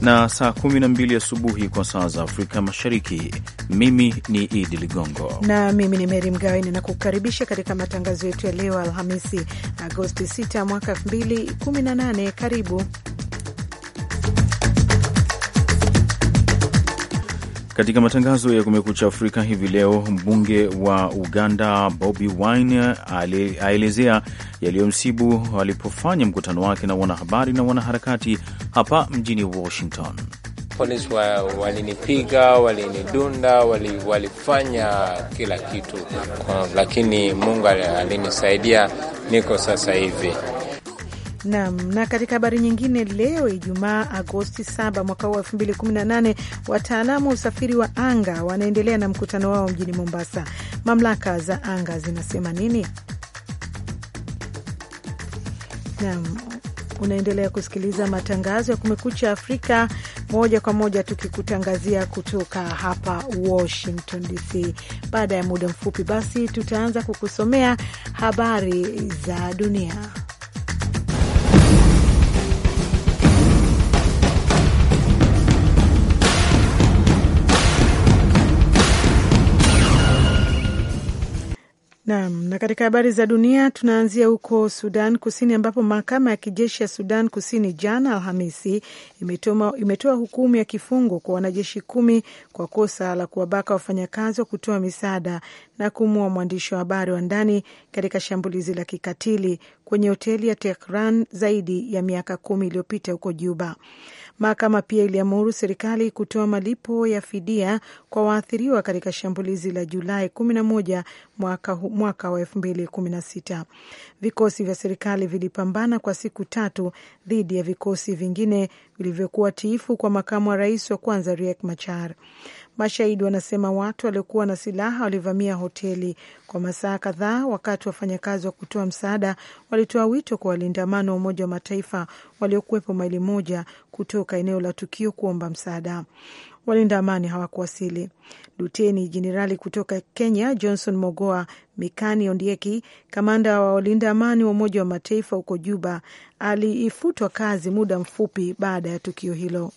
na saa 12 asubuhi kwa saa za Afrika Mashariki. Mimi ni Idi Ligongo na mimi ni Meri Mgawe, ninakukaribisha katika matangazo yetu ya leo Alhamisi, Agosti 6 mwaka 2018. Karibu Katika matangazo ya Kumekucha Afrika hivi leo, mbunge wa Uganda Bobi Wine aelezea yaliyomsibu alipofanya mkutano wake na wanahabari na wanaharakati hapa mjini Washington. Polisi walinipiga, walinidunda, walifanya wali kila kitu kwa, lakini Mungu alinisaidia, niko sasa hivi Nam. Na katika habari nyingine, leo Ijumaa Agosti 7 mwaka huu 2018, wataalamu wa usafiri wa anga wanaendelea na mkutano wao mjini Mombasa. Mamlaka za anga zinasema nini? Nam, unaendelea kusikiliza matangazo ya Kumekucha Afrika moja kwa moja tukikutangazia kutoka hapa Washington DC. Baada ya muda mfupi, basi tutaanza kukusomea habari za dunia. Naam, na katika habari za dunia tunaanzia huko Sudan Kusini ambapo mahakama ya kijeshi ya Sudan Kusini jana Alhamisi imetoa hukumu ya kifungo kwa wanajeshi kumi kwa kosa la kuwabaka wafanyakazi wa kutoa misaada na kumua mwandishi wa habari wa ndani katika shambulizi la kikatili kwenye hoteli ya Tehran zaidi ya miaka kumi iliyopita huko Juba. Mahakama pia iliamuru serikali kutoa malipo ya fidia kwa waathiriwa katika shambulizi la Julai 11 mwaka, mwaka wa 2016. Vikosi vya serikali vilipambana kwa siku tatu dhidi ya vikosi vingine vilivyokuwa tiifu kwa makamu wa rais wa kwanza Riek Machar. Mashahidi wanasema watu waliokuwa na silaha walivamia hoteli kwa masaa kadhaa, wakati wafanyakazi wa kutoa msaada walitoa wito kwa amani wa Umoja wa Mataifa waliokuwepo maili moja kutoka eneo la tukio kuomba msaada. Walinda amani hawakuwasili. Luteni Jenerali kutoka Kenya Johnson Mogoa Mikani Ondieki, kamanda wa walinda amani wa Umoja wa Mataifa huko Juba, aliifutwa kazi muda mfupi baada ya tukio hilo.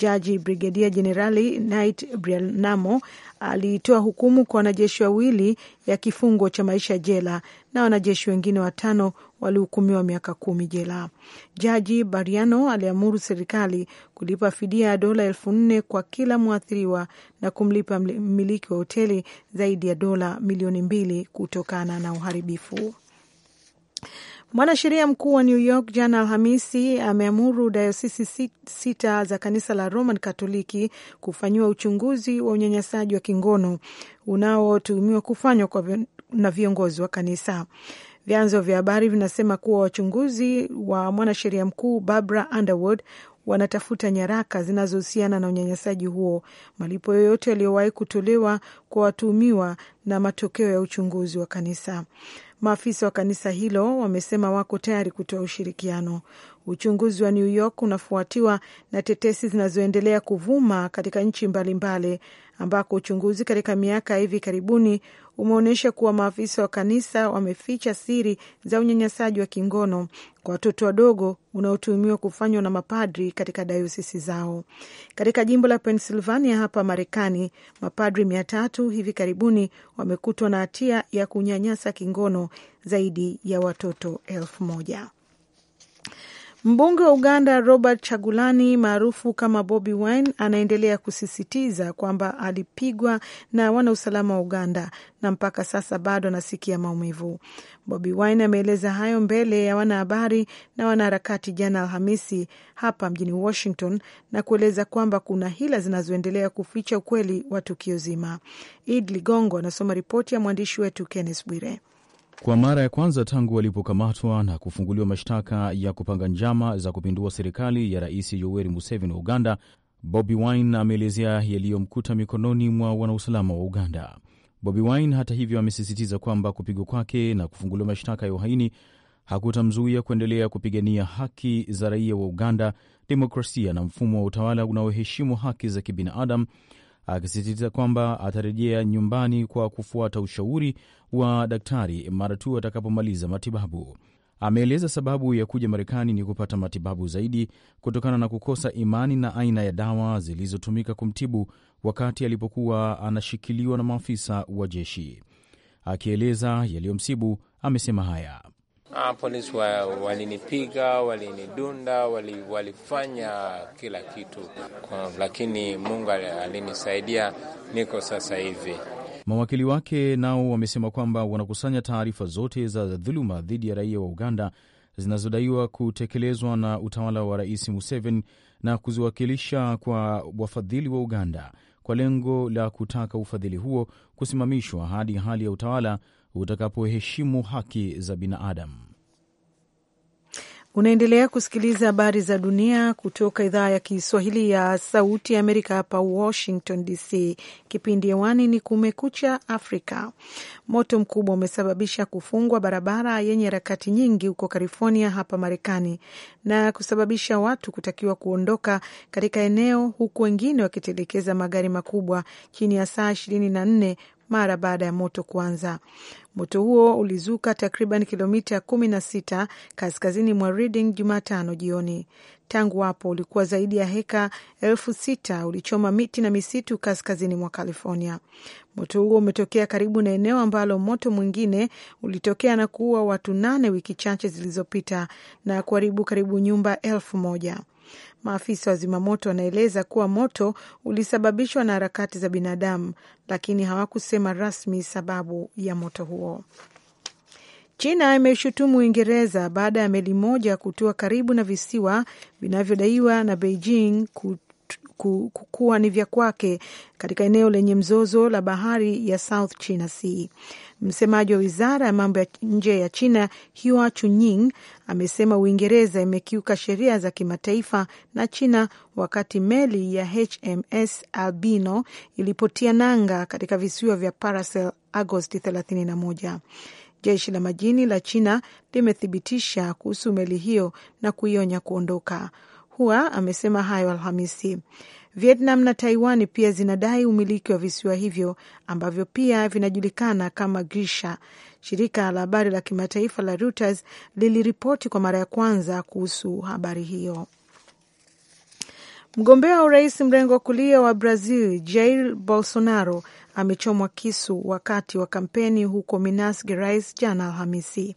Jaji Brigedia Jenerali Knight Brianamo alitoa hukumu kwa wanajeshi wawili ya kifungo cha maisha jela na wanajeshi wengine watano walihukumiwa miaka kumi jela. Jaji Bariano aliamuru serikali kulipa fidia ya dola elfu nne kwa kila mwathiriwa na kumlipa mmiliki wa hoteli zaidi ya dola milioni mbili kutokana na uharibifu. Mwanasheria mkuu wa New York jana Alhamisi ameamuru dayosisi sita za kanisa la Roman Katoliki kufanyiwa uchunguzi wa unyanyasaji wa kingono unaotuhumiwa kufanywa na viongozi wa kanisa. Vyanzo vya habari vinasema kuwa wachunguzi wa mwanasheria mkuu Barbara Underwood wanatafuta nyaraka zinazohusiana na unyanyasaji huo, malipo yoyote yaliyowahi kutolewa kwa watuhumiwa na matokeo ya uchunguzi wa kanisa. Maafisa wa kanisa hilo wamesema wako tayari kutoa ushirikiano. Uchunguzi wa New York unafuatiwa na tetesi zinazoendelea kuvuma katika nchi mbalimbali, ambako uchunguzi katika miaka ya hivi karibuni umeonyesha kuwa maafisa wa kanisa wameficha siri za unyanyasaji wa kingono kwa watoto wadogo unaotumiwa kufanywa na mapadri katika dayosisi zao. Katika jimbo la Pennsylvania hapa Marekani, mapadri mia tatu hivi karibuni wamekutwa na hatia ya kunyanyasa kingono zaidi ya watoto elfu moja. Mbunge wa Uganda Robert Chagulani maarufu kama Bobi Wine anaendelea kusisitiza kwamba alipigwa na wanausalama wa Uganda na mpaka sasa bado anasikia maumivu. Bobi Wine ameeleza hayo mbele ya wanahabari na wanaharakati jana Alhamisi hapa mjini Washington na kueleza kwamba kuna hila zinazoendelea kuficha ukweli wa tukio zima. Id Ligongo anasoma ripoti ya mwandishi wetu Kenneth Bwire. Kwa mara ya kwanza tangu walipokamatwa na kufunguliwa mashtaka ya kupanga njama za kupindua serikali ya Rais Yoweri Museveni wa Uganda, Bobi Wine ameelezea yaliyomkuta mikononi mwa wanausalama wa Uganda. Bobi Wine hata hivyo, amesisitiza kwamba kupigwa kwake na kufunguliwa mashtaka ya uhaini hakutamzuia kuendelea kupigania haki za raia wa Uganda, demokrasia na mfumo wa utawala unaoheshimu haki za kibinadamu akisisitiza kwamba atarejea nyumbani kwa kufuata ushauri wa daktari mara tu atakapomaliza matibabu. Ameeleza sababu ya kuja Marekani ni kupata matibabu zaidi kutokana na kukosa imani na aina ya dawa zilizotumika kumtibu wakati alipokuwa anashikiliwa na maafisa wa jeshi. Akieleza yaliyomsibu amesema haya: Ah, polisi wa, walinipiga, walinidunda, wali, walifanya kila kitu kwa, lakini Mungu alinisaidia, niko sasa hivi. Mawakili wake nao wamesema kwamba wanakusanya taarifa zote za dhuluma dhidi ya raia wa Uganda zinazodaiwa kutekelezwa na utawala wa Rais Museveni na kuziwakilisha kwa wafadhili wa Uganda kwa lengo la kutaka ufadhili huo kusimamishwa hadi hali ya utawala utakapoheshimu haki za binadamu. Unaendelea kusikiliza habari za dunia kutoka idhaa ya Kiswahili ya Sauti ya Amerika, hapa Washington DC. Kipindi hewani ni Kumekucha Afrika. Moto mkubwa umesababisha kufungwa barabara yenye harakati nyingi huko California, hapa Marekani, na kusababisha watu kutakiwa kuondoka katika eneo, huku wengine wakitelekeza magari makubwa chini ya saa 24 mara baada ya moto kuanza. Moto huo ulizuka takriban kilomita kumi na sita kaskazini mwa Reading Jumatano jioni. Tangu hapo ulikuwa zaidi ya heka elfu sita ulichoma miti na misitu kaskazini mwa California. Moto huo umetokea karibu na eneo ambalo moto mwingine ulitokea na kuua watu nane wiki chache zilizopita na kuharibu karibu nyumba elfu moja. Maafisa wa zimamoto wanaeleza kuwa moto ulisababishwa na harakati za binadamu, lakini hawakusema rasmi sababu ya moto huo. China imeshutumu Uingereza baada ya meli moja kutua karibu na visiwa vinavyodaiwa na Beijing kuwa ni vya kwake katika eneo lenye mzozo la bahari ya South China Sea. Msemaji wa wizara ya mambo ya nje ya China Hua Chunying amesema Uingereza imekiuka sheria za kimataifa na China wakati meli ya HMS Albino ilipotia nanga katika visiwa vya Paracel Agosti 31. Jeshi la majini la China limethibitisha kuhusu meli hiyo na kuionya kuondoka. Hua amesema hayo Alhamisi. Vietnam na Taiwan pia zinadai umiliki wa visiwa hivyo ambavyo pia vinajulikana kama Grisha. Shirika la habari la kimataifa la Reuters liliripoti kwa mara ya kwanza kuhusu habari hiyo. Mgombea wa urais mrengo wa kulia wa Brazil Jair Bolsonaro amechomwa kisu wakati wa kampeni huko Minas Gerais jana Alhamisi.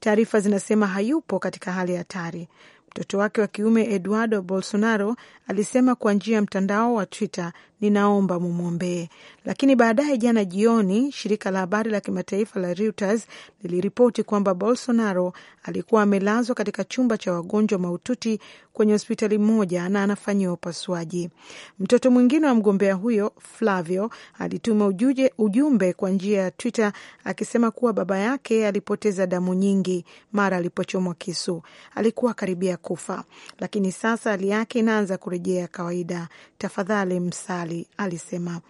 Taarifa zinasema hayupo katika hali hatari, Mtoto wake wa kiume Eduardo Bolsonaro alisema kwa njia ya mtandao wa Twitter, ninaomba mumwombee. Lakini baadaye jana jioni, shirika la habari la kimataifa la Reuters liliripoti kwamba Bolsonaro alikuwa amelazwa katika chumba cha wagonjwa mahututi kwenye hospitali moja na anafanyiwa upasuaji. Mtoto mwingine wa mgombea huyo Flavio alituma ujuje, ujumbe kwa njia ya Twitter akisema kuwa baba yake alipoteza damu nyingi mara alipochomwa kisu. Alikuwa karibia kufa, lakini sasa hali yake inaanza kurejea kawaida. Tafadhali msali, alisema.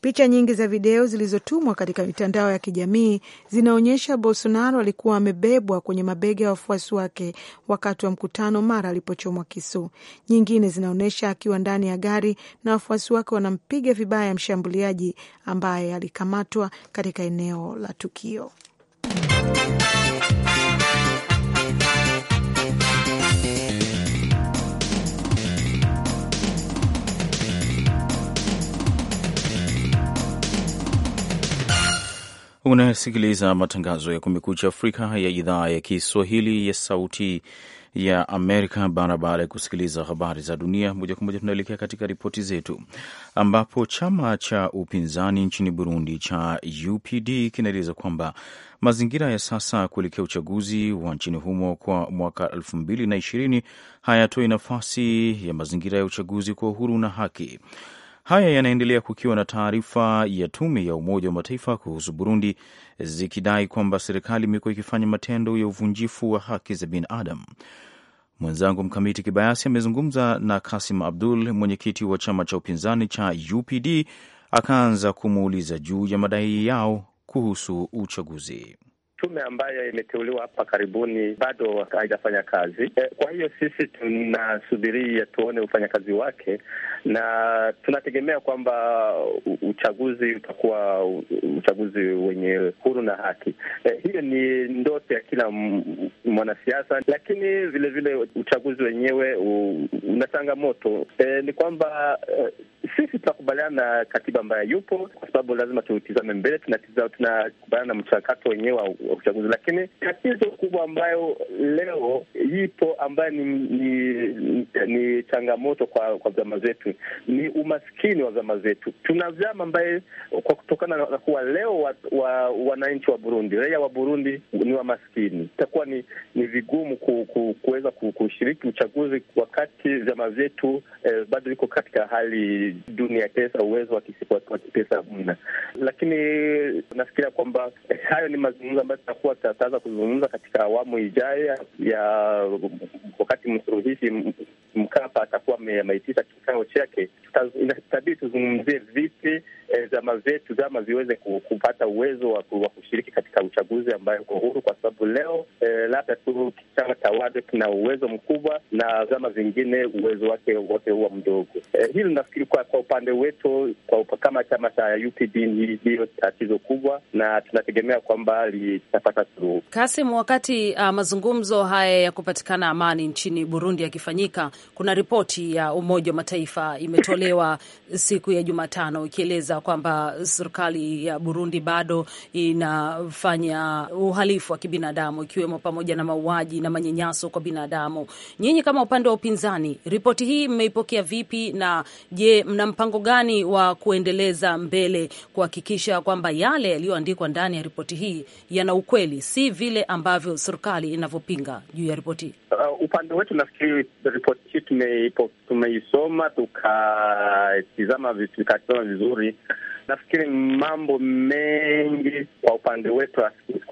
Picha Picha nyingi za video zilizotumwa katika mitandao ya kijamii zinaonyesha Bolsonaro alikuwa amebebwa kwenye mabega ya wafuasi wake wakati wa mkutano mara alipochomwa kisu. Nyingine zinaonyesha akiwa ndani ya gari na wafuasi wake wanampiga vibaya mshambuliaji ambaye alikamatwa katika eneo la tukio. Unasikiliza matangazo ya Kumekucha Afrika ya idhaa ya Kiswahili ya Sauti ya Amerika. Bara baada ya kusikiliza habari za dunia moja kwa moja, tunaelekea katika ripoti zetu, ambapo chama cha upinzani nchini Burundi cha UPD kinaeleza kwamba mazingira ya sasa kuelekea uchaguzi wa nchini humo kwa mwaka elfu mbili na ishirini hayatoi nafasi ya mazingira ya uchaguzi kwa uhuru na haki. Haya yanaendelea kukiwa na taarifa ya tume ya Umoja wa Mataifa kuhusu Burundi zikidai kwamba serikali imekuwa ikifanya matendo ya uvunjifu wa haki za binadamu. Mwenzangu Mkamiti Kibayasi amezungumza na Kasim Abdul, mwenyekiti wa chama cha upinzani cha UPD, akaanza kumuuliza juu ya madai yao kuhusu uchaguzi tume ambayo imeteuliwa hapa karibuni bado haijafanya kazi e, kwa hiyo sisi tunasubiria tuone ufanyakazi wake, na tunategemea kwamba uchaguzi utakuwa uchaguzi wenye huru na haki. E, hiyo ni ndoto ya kila mwanasiasa, lakini vilevile vile uchaguzi wenyewe una changamoto e, ni kwamba e, sisi tunakubaliana na katiba ambayo yupo, kwa sababu lazima tutizame mbele, tunakubaliana na mchakato wenyewe wa uchaguzi, lakini tatizo kubwa ambayo leo ipo ambayo ni, ni, ni changamoto kwa kwa vyama zetu ni umaskini wa vyama zetu. Tuna vyama ambaye kwa kutokana na kuwa leo wananchi wa, wa, wa Burundi, raia wa Burundi ni wamaskini, itakuwa ni, ni vigumu ku, ku, kuweza kushiriki uchaguzi wakati vyama vyetu eh, bado iko katika hali duni ya pesa, uwezo wa kipesa mna. Lakini nafikiria kwamba hayo ni mazungumzo ambayo tutakuwa tutaweza kuzungumza katika awamu ijayo ya wakati msuruhishi Mkapa atakuwa ameitisha kikao chake, itabidi tuzungumzie vipi vyama e, vyetu vyama viweze kupata uwezo wa kushiriki katika uchaguzi ambayo uko huru, kwa sababu leo e, labda tu chama wade kina uwezo mkubwa na vyama vingine uwezo wake wote huwa mdogo. E, hili nafikiri kwa, kwa upande wetu kwa kama chama cha UPD ndiyo tatizo kubwa, na tunategemea kwamba litapata suluhu. Kasim, wakati uh, mazungumzo haya ya kupatikana amani nchini Burundi yakifanyika, kuna ripoti ya Umoja wa Mataifa imetolewa siku ya Jumatano ikieleza kwamba serikali ya Burundi bado inafanya uhalifu wa kibinadamu ikiwemo pamoja na mauaji na manyanyaso kwa binadamu. Nyinyi kama upande wa upinzani, ripoti hii mmeipokea vipi? Na je, mna mpango gani wa kuendeleza mbele kuhakikisha kwamba yale yaliyoandikwa ndani ya ripoti hii yana ukweli, si vile ambavyo serikali inavyopinga juu ya ripoti hii? Uh, upande wetu nafikiri ripoti nchi tumeisoma, tukatizama tukatizama vizuri, nafikiri mambo mengi kwa upande wetu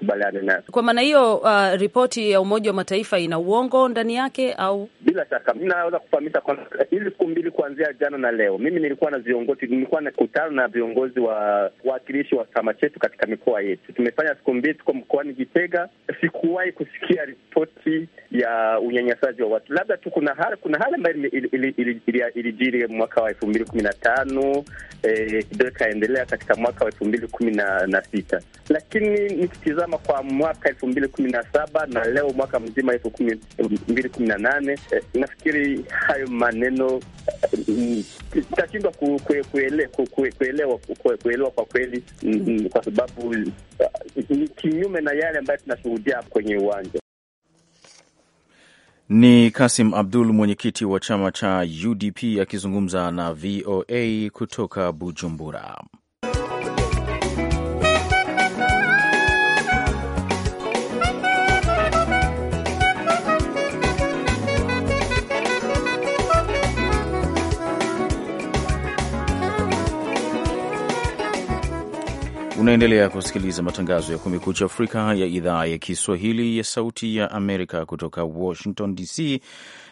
hakubaliani nayo. Kwa maana hiyo, uh, ripoti ya Umoja wa Mataifa ina uongo ndani yake au? Bila shaka mi naweza kufahamisha kwamba hizi siku mbili kuanzia jana na leo, mimi nilikuwa na viongozi, nilikuwa na kutana na viongozi wa wawakilishi wa chama chetu katika mikoa yetu. Tumefanya siku mbili, tuko mkoani Gitega. Sikuwahi kusikia ripoti ya unyanyasaji wa watu, labda tu kuna hali kuna hali ambayo ilijiri mwaka wa elfu mbili kumi na tano eh, kidogo ikaendelea katika mwaka wa elfu mbili kumi na sita lakini nikitizama kama kwa mwaka elfu mbili kumi na saba na leo mwaka mzima elfu mbili kumi na nane eh, nafikiri hayo maneno eh, itashindwa tutashindwa kuelewa kuelewa kwa kweli mm, mm, kwa sababu eh, ni kinyume na yale ambayo tunashuhudia kwenye uwanja. Ni Kasim Abdul, mwenyekiti wa chama cha UDP akizungumza na VOA kutoka Bujumbura. Unaendelea kusikiliza matangazo ya Kumekucha Afrika ya idhaa ya Kiswahili ya Sauti ya Amerika kutoka Washington DC,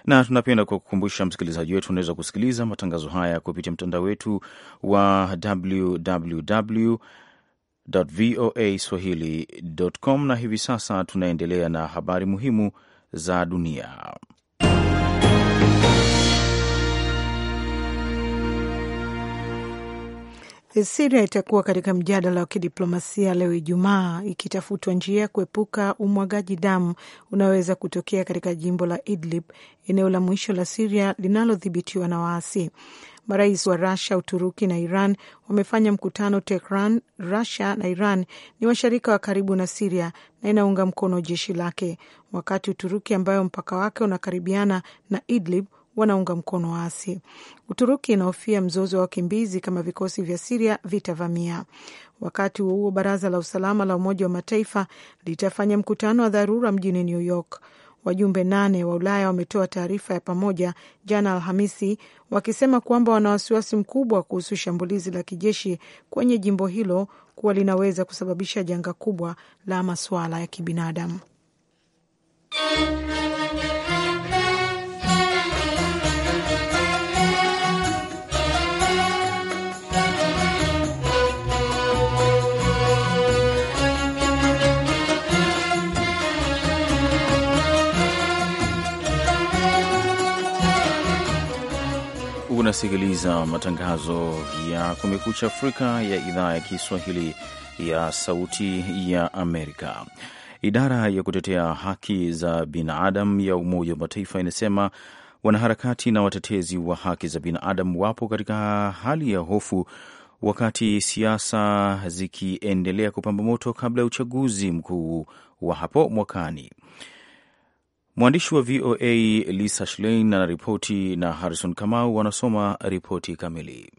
na tunapenda kwa kukumbusha msikilizaji wetu, unaweza kusikiliza matangazo haya kupitia mtandao wetu wa www voa swahili.com. Na hivi sasa tunaendelea na habari muhimu za dunia. Siria itakuwa katika mjadala wa kidiplomasia leo Ijumaa, ikitafutwa njia ya kuepuka umwagaji damu unaoweza kutokea katika jimbo la Idlib, eneo la mwisho la Siria linalodhibitiwa na waasi. Marais wa Rusia, Uturuki na Iran wamefanya mkutano Tehran. Rusia na Iran ni washirika wa karibu na Siria na inaunga mkono jeshi lake, wakati Uturuki ambayo mpaka wake unakaribiana na Idlib wanaunga mkono waasi. Uturuki inahofia mzozo wa wakimbizi kama vikosi vya Siria vitavamia. Wakati huo huo, baraza la usalama la Umoja wa Mataifa litafanya mkutano wa dharura mjini New York. Wajumbe nane wa Ulaya wametoa taarifa ya pamoja jana Alhamisi wakisema kwamba wana wasiwasi mkubwa kuhusu shambulizi la kijeshi kwenye jimbo hilo kuwa linaweza kusababisha janga kubwa la masuala ya kibinadamu. Unasikiliza matangazo ya Kumekucha Afrika ya idhaa ya Kiswahili ya Sauti ya Amerika. Idara ya kutetea haki za binadamu ya Umoja wa Mataifa inasema wanaharakati na watetezi wa haki za binadamu wapo katika hali ya hofu wakati siasa zikiendelea kupamba moto kabla ya uchaguzi mkuu wa hapo mwakani. Mwandishi wa VOA Lisa Schlein anaripoti na, na Harrison Kamau wanasoma ripoti kamili.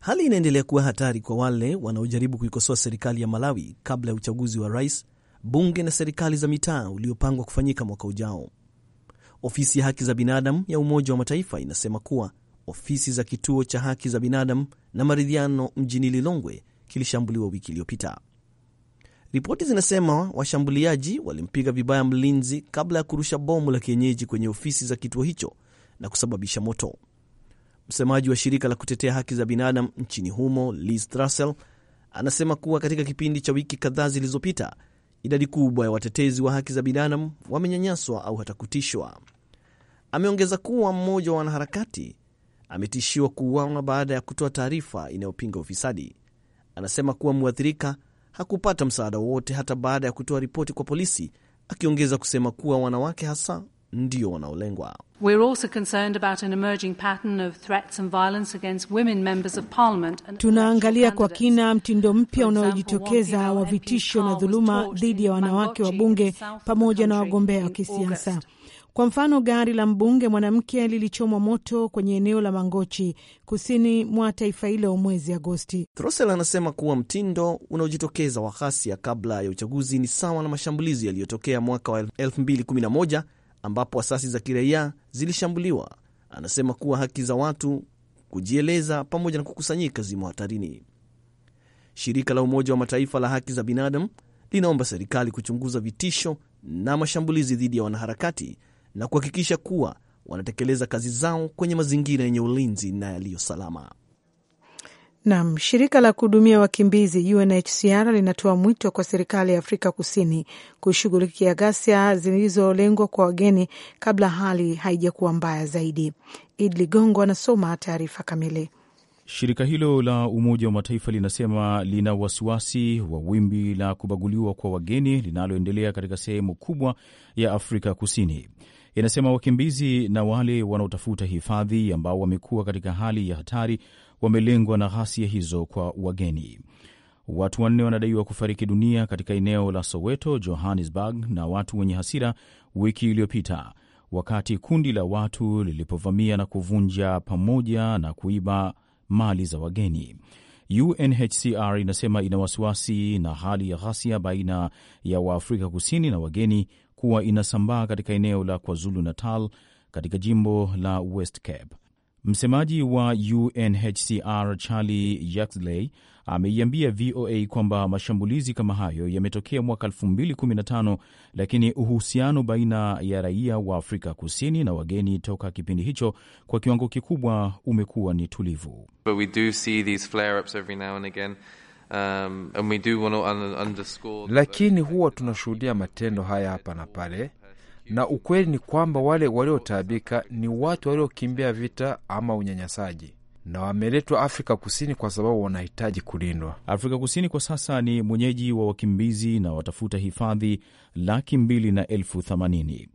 Hali inaendelea kuwa hatari kwa wale wanaojaribu kuikosoa serikali ya Malawi kabla ya uchaguzi wa rais, bunge na serikali za mitaa uliopangwa kufanyika mwaka ujao. Ofisi ya haki za binadamu ya Umoja wa Mataifa inasema kuwa ofisi za kituo cha haki za binadamu na maridhiano mjini Lilongwe kilishambuliwa wiki iliyopita. Ripoti zinasema washambuliaji walimpiga vibaya mlinzi kabla ya kurusha bomu la kienyeji kwenye ofisi za kituo hicho na kusababisha moto. Msemaji wa shirika la kutetea haki za binadamu nchini humo Liz Throssell anasema kuwa katika kipindi cha wiki kadhaa zilizopita, idadi kubwa ya watetezi wa haki za binadamu wamenyanyaswa au hata kutishwa. Ameongeza kuwa mmoja wa wanaharakati ametishiwa kuuawa baada ya kutoa taarifa inayopinga ufisadi. Anasema kuwa mwathirika hakupata msaada wowote hata baada ya kutoa ripoti kwa polisi, akiongeza kusema kuwa wanawake hasa ndio wanaolengwa. Tunaangalia kwa kina mtindo mpya unaojitokeza wa vitisho na dhuluma dhidi ya wanawake wa bunge pamoja na wagombea wa kisiasa. Kwa mfano, gari la mbunge mwanamke lilichomwa moto kwenye eneo la Mangochi, kusini mwa taifa hilo mwezi Agosti. Throssell anasema kuwa mtindo unaojitokeza wa ghasia kabla ya uchaguzi ni sawa na mashambulizi yaliyotokea mwaka wa 2011 ambapo asasi za kiraia zilishambuliwa. Anasema kuwa haki za watu kujieleza pamoja na kukusanyika zimo hatarini. Shirika la Umoja wa Mataifa la haki za binadamu linaomba serikali kuchunguza vitisho na mashambulizi dhidi ya wanaharakati na kuhakikisha kuwa wanatekeleza kazi zao kwenye mazingira yenye ulinzi na yaliyo salama. Nam, shirika la kuhudumia wakimbizi UNHCR linatoa mwito kwa serikali ya Afrika Kusini kushughulikia ghasia zilizolengwa kwa wageni kabla hali haijakuwa mbaya zaidi. Id Ligongo anasoma taarifa kamili. Shirika hilo la Umoja wa Mataifa linasema lina wasiwasi wa wimbi la kubaguliwa kwa wageni linaloendelea katika sehemu kubwa ya Afrika Kusini inasema wakimbizi na wale wanaotafuta hifadhi ambao wamekuwa katika hali ya hatari wamelengwa na ghasia hizo kwa wageni. Watu wanne wanadaiwa kufariki dunia katika eneo la Soweto, Johannesburg, na watu wenye hasira wiki iliyopita wakati kundi la watu lilipovamia na kuvunja pamoja na kuiba mali za wageni. UNHCR inasema ina wasiwasi na hali ya ghasia baina ya Waafrika Kusini na wageni kuwa inasambaa katika eneo la KwaZulu Natal katika jimbo la West Cape. Msemaji wa UNHCR Charlie Yaxley ameiambia VOA kwamba mashambulizi kama hayo yametokea mwaka 2015 lakini uhusiano baina ya raia wa Afrika Kusini na wageni toka kipindi hicho kwa kiwango kikubwa umekuwa ni tulivu. But we do see these flare-ups every now and again. Um, and we do want to underscore... lakini huwa tunashuhudia matendo haya hapa na pale, na ukweli ni kwamba wale waliotaabika ni watu waliokimbia vita ama unyanyasaji na wameletwa Afrika Kusini kwa sababu wanahitaji kulindwa. Afrika Kusini kwa sasa ni mwenyeji wa wakimbizi na watafuta hifadhi laki mbili na elfu themanini.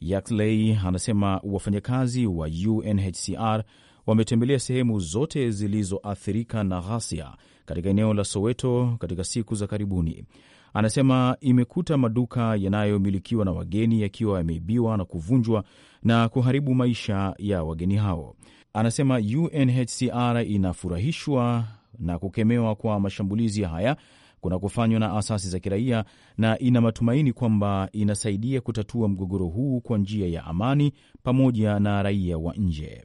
Yaxley anasema wafanyakazi wa UNHCR wametembelea sehemu zote zilizoathirika na ghasia katika eneo la Soweto katika siku za karibuni. Anasema imekuta maduka yanayomilikiwa na wageni yakiwa yameibiwa na kuvunjwa na kuharibu maisha ya wageni hao. Anasema UNHCR inafurahishwa na kukemewa kwa mashambulizi haya kuna kufanywa na asasi za kiraia na ina matumaini kwamba inasaidia kutatua mgogoro huu kwa njia ya amani pamoja na raia wa nje.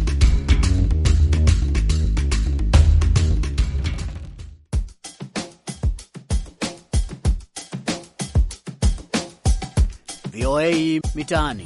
VOA Mitaani.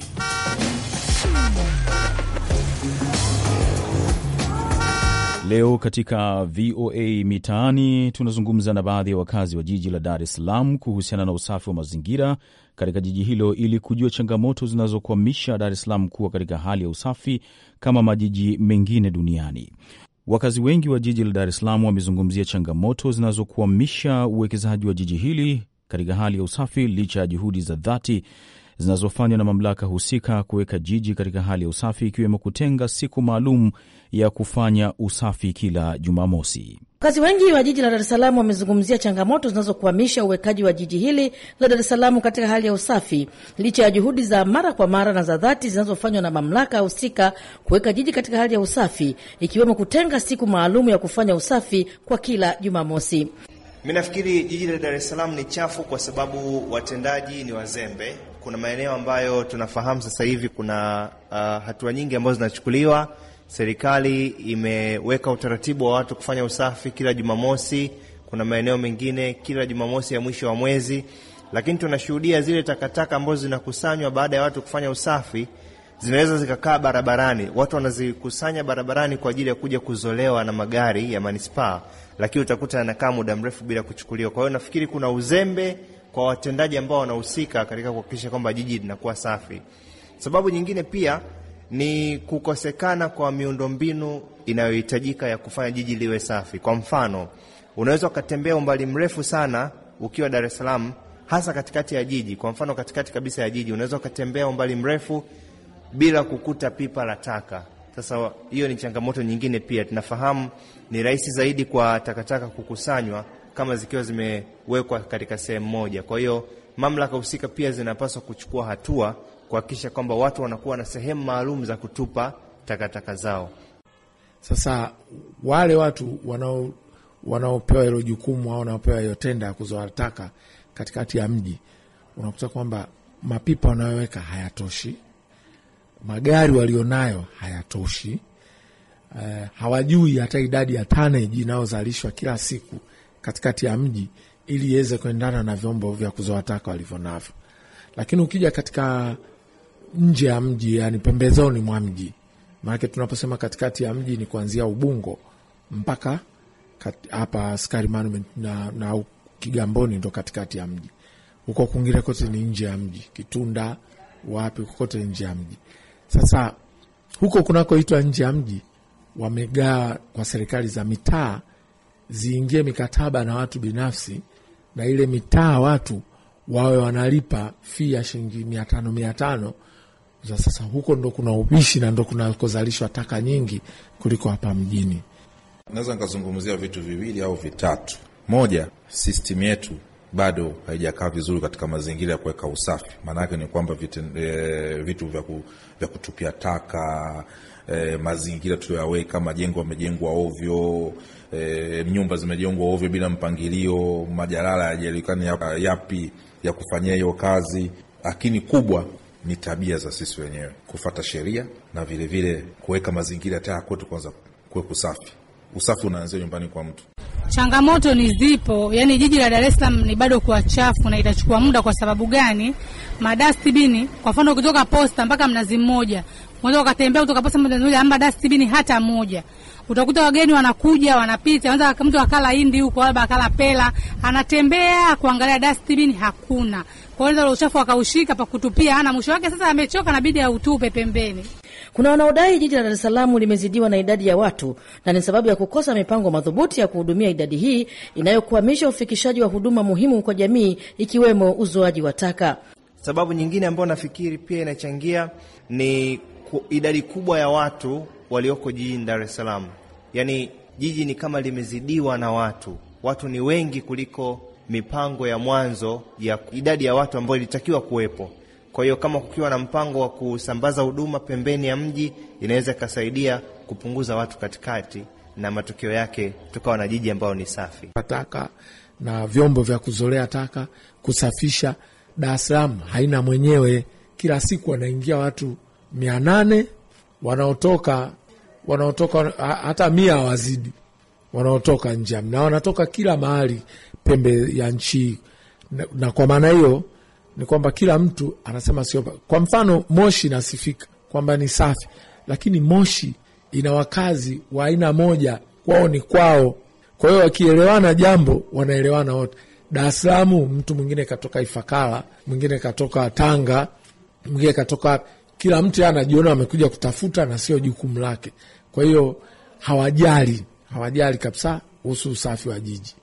Leo katika VOA Mitaani tunazungumza na baadhi ya wakazi wa jiji la Dar es Salaam kuhusiana na usafi wa mazingira katika jiji hilo ili kujua changamoto zinazokwamisha Dar es Salaam kuwa katika hali ya usafi kama majiji mengine duniani. Wakazi wengi wa jiji la Dar es Salaam wamezungumzia changamoto zinazokwamisha uwekezaji wa jiji hili katika hali ya usafi licha ya juhudi za dhati zinazofanywa na mamlaka husika kuweka jiji katika hali ya usafi, ikiwemo kutenga siku maalum ya kufanya usafi kila Jumamosi. Wakazi wengi wa jiji la Dar es Salaam wamezungumzia changamoto zinazokwamisha uwekaji wa jiji hili la Dar es Salaam katika hali ya usafi, licha ya juhudi za mara kwa mara na za dhati zinazofanywa na mamlaka husika kuweka jiji katika hali ya usafi, ikiwemo kutenga siku maalum ya kufanya usafi kwa kila Jumamosi. Mi nafikiri jiji la Dar es Salaam ni chafu kwa sababu watendaji ni wazembe, kuna maeneo ambayo tunafahamu sasa hivi kuna uh, hatua nyingi ambazo zinachukuliwa. Serikali imeweka utaratibu wa watu kufanya usafi kila Jumamosi. Kuna maeneo mengine kila Jumamosi ya mwisho wa mwezi, lakini tunashuhudia zile takataka ambazo zinakusanywa baada ya watu kufanya usafi zinaweza zikakaa barabarani, watu wanazikusanya barabarani kwa ajili ya kuja kuzolewa na magari ya manispaa, lakini utakuta yanakaa muda mrefu bila kuchukuliwa. Kwa hiyo nafikiri kuna uzembe kwa watendaji ambao wanahusika katika kuhakikisha kwamba jiji linakuwa safi. Sababu nyingine pia ni kukosekana kwa miundombinu inayohitajika ya kufanya jiji liwe safi. Kwa mfano, unaweza ukatembea umbali mrefu sana ukiwa Dar es Salaam, hasa katikati ya jiji. Kwa mfano, katikati kabisa ya jiji unaweza ukatembea umbali mrefu bila kukuta pipa la taka. Sasa hiyo ni changamoto nyingine. Pia tunafahamu ni rahisi zaidi kwa takataka kukusanywa kama zikiwa zimewekwa katika sehemu moja. Kwa hiyo mamlaka husika pia zinapaswa kuchukua hatua kuhakikisha kwamba watu wanakuwa na sehemu maalum za kutupa takataka zao. Sasa wale watu wanao wanaopewa hilo jukumu au wanaopewa hiyo tenda ya kuzoa taka katikati ya mji, unakuta kwamba mapipa wanayoweka hayatoshi, magari walionayo hayatoshi, uh, hawajui hata idadi ya tanaji inayozalishwa kila siku katikati ya mji ili iweze kuendana na vyombo vya kuzoa taka walivyo navyo. Lakini ukija katika nje ya mji, yani pembezoni mwa mji, maanake tunaposema katikati ya mji ni kuanzia Ubungo mpaka hapa Askari Monument na, na Kigamboni ndo katikati ya mji. Huko kwingine kote ni nje ya mji, Kitunda wapi, kote nje ya mji. Sasa huko kunakoitwa nje ya mji wamegaa kwa serikali za mitaa ziingie mikataba na watu binafsi, na ile mitaa watu wawe wanalipa fii ya shilingi mia tano mia tano za sasa. Huko ndo kuna upishi na ndo kunakozalishwa taka nyingi kuliko hapa mjini. Naweza nikazungumzia vitu viwili au vitatu. Moja, system yetu bado haijakaa vizuri katika mazingira ya kuweka usafi. Maana yake ni kwamba vitu, e, eh, vitu vya, ku, vya kutupia taka e, mazingira tuliyoyaweka, majengo yamejengwa ovyo e, nyumba zimejengwa ovyo bila mpangilio, majalala hayajulikani yapi ya kufanyia hiyo kazi, lakini kubwa ni tabia za sisi wenyewe kufata sheria na vilevile kuweka mazingira taa kwetu, kwanza kuwe kusafi. Usafi unaanzia nyumbani kwa mtu. Changamoto ni zipo, yani jiji la Dar es Salaam ni bado kuwa chafu na itachukua muda. Kwa sababu gani? Madastibini kwa mfano, kutoka posta mpaka mnazi mmoja unaweza ukatembea kutoka posta mnazi mmoja ama dastibini hata moja. Utakuta wageni wanakuja wanapita, anza mtu akala hindi huko, labda akala pela, anatembea kuangalia dastibini, hakuna. Kwa hiyo uchafu akaushika pa kutupia, ana mwisho wake. Sasa amechoka, nabidi autupe pembeni. Kuna wanaodai jiji la Dar es Salaam limezidiwa na idadi ya watu na ni sababu ya kukosa mipango madhubuti ya kuhudumia idadi hii inayokwamisha ufikishaji wa huduma muhimu kwa jamii ikiwemo uzoaji wa taka. Sababu nyingine ambayo nafikiri pia inachangia ni idadi kubwa ya watu walioko jijini Dar es Salaam, yaani jiji ni kama limezidiwa na watu, watu ni wengi kuliko mipango ya mwanzo ya idadi ya watu ambayo ilitakiwa kuwepo. Kwa hiyo kama kukiwa na mpango wa kusambaza huduma pembeni ya mji, inaweza ikasaidia kupunguza watu katikati, na matokeo yake tukawa na jiji ambayo ni safi. Taka na vyombo vya kuzolea taka, kusafisha. Dar es Salaam haina mwenyewe. Kila siku wanaingia watu mia nane wanaotoka wanaotoka hata mia wazidi wanaotoka nje na wanatoka kila mahali pembe ya nchi, na, na kwa maana hiyo ni kwamba kila mtu anasema sio. Kwa mfano Moshi nasifika kwamba ni safi, lakini Moshi ina wakazi wa aina moja, kwao ni kwao. Kwa hiyo wakielewana jambo wanaelewana wote. Dar es Salaam mtu mwingine katoka Ifakara, mwingine katoka Tanga, mwingine katoka, kila mtu anajiona amekuja kutafuta na sio jukumu lake. Kwa hiyo hawajali, hawajali kabisa kuhusu usafi wa jiji.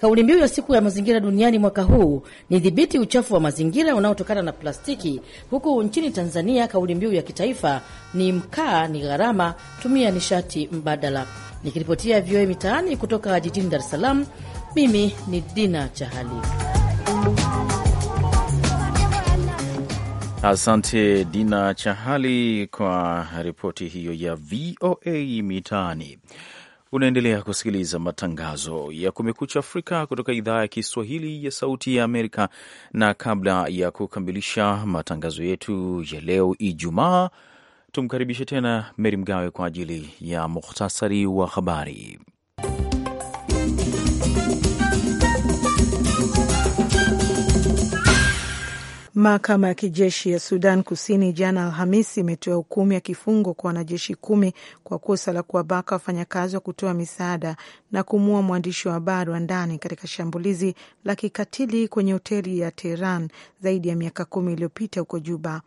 Kauli mbiu ya siku ya mazingira duniani mwaka huu ni dhibiti uchafu wa mazingira unaotokana na plastiki, huku nchini Tanzania kauli mbiu ya kitaifa ni mkaa ni gharama, tumia nishati mbadala. Nikiripotia VOA Mitaani kutoka jijini Dar es Salaam, mimi ni Dina Chahali. Asante Dina Chahali kwa ripoti hiyo ya VOA Mitaani. Unaendelea kusikiliza matangazo ya Kumekucha Afrika kutoka idhaa ya Kiswahili ya Sauti ya Amerika, na kabla ya kukamilisha matangazo yetu ya leo Ijumaa, tumkaribishe tena Meri Mgawe kwa ajili ya muhtasari wa habari. Mahakama ya kijeshi ya Sudan Kusini jana Alhamisi imetoa hukumu ya kifungo kwa wanajeshi kumi kwa kosa la kuwabaka wafanyakazi wa kutoa misaada na kumuua mwandishi wa habari wa ndani katika shambulizi la kikatili kwenye hoteli ya Tehran zaidi ya miaka kumi iliyopita huko Juba.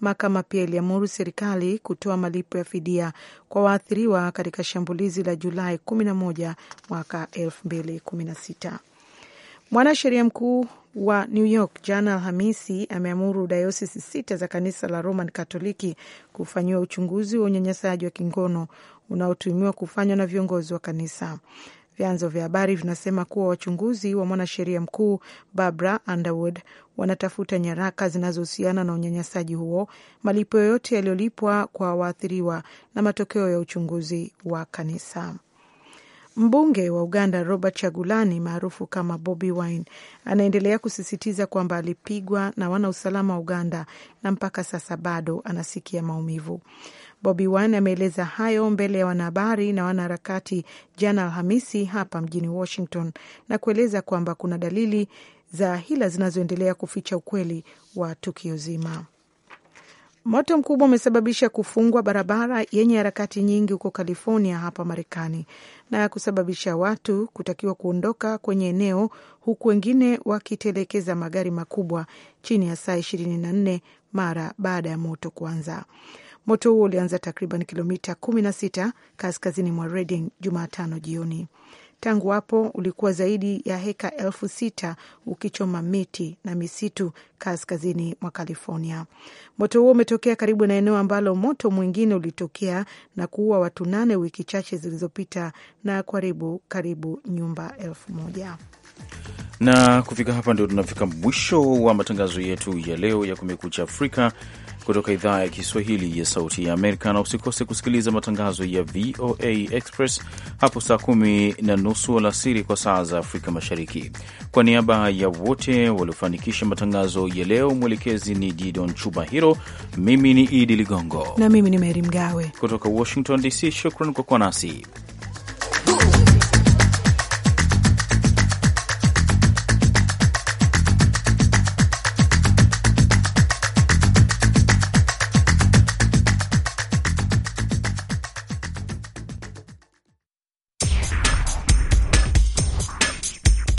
Mahakama pia iliamuru serikali kutoa malipo ya fidia kwa waathiriwa katika shambulizi la Julai 11 mwaka 2016. Mwanasheria mkuu wa New York jana Alhamisi ameamuru dayosisi sita za kanisa la Roman Katoliki kufanyiwa uchunguzi wa unyanyasaji wa kingono unaotumiwa kufanywa na viongozi wa kanisa. Vyanzo vya habari vinasema kuwa wachunguzi wa mwanasheria mkuu Barbara Underwood wanatafuta nyaraka zinazohusiana na unyanyasaji huo, malipo yoyote yaliyolipwa kwa waathiriwa na matokeo ya uchunguzi wa kanisa. Mbunge wa Uganda Robert Chagulani maarufu kama Bobi Wine anaendelea kusisitiza kwamba alipigwa na wanausalama wa Uganda na mpaka sasa bado anasikia maumivu. Bobi Wine ameeleza hayo mbele ya wanahabari na wanaharakati jana Alhamisi hapa mjini Washington na kueleza kwamba kuna dalili za hila zinazoendelea kuficha ukweli wa tukio zima. Moto mkubwa umesababisha kufungwa barabara yenye harakati nyingi huko California hapa Marekani na kusababisha watu kutakiwa kuondoka kwenye eneo huku wengine wakitelekeza magari makubwa chini ya saa ishirini na nne mara baada ya moto kuanza. Moto huo ulianza takriban kilomita kumi na sita kaskazini mwa Redding Jumatano jioni. Tangu hapo ulikuwa zaidi ya heka elfu sita ukichoma miti na misitu kaskazini mwa California. Moto huo umetokea karibu na eneo ambalo moto mwingine ulitokea na kuua watu nane wiki chache zilizopita na kuharibu karibu nyumba elfu moja. Na kufika hapa ndio tunafika mwisho wa matangazo yetu ya leo ya Kumekucha Afrika kutoka idhaa ya Kiswahili ya Sauti ya Amerika, na usikose kusikiliza matangazo ya VOA Express hapo saa kumi na nusu alasiri kwa saa za Afrika Mashariki. Kwa niaba ya wote waliofanikisha matangazo ya leo, mwelekezi ni Didon Chuba Hiro, mimi ni Idi Ligongo na mimi ni Meri Mgawe kutoka Washington DC. Shukran kwa kuwa nasi.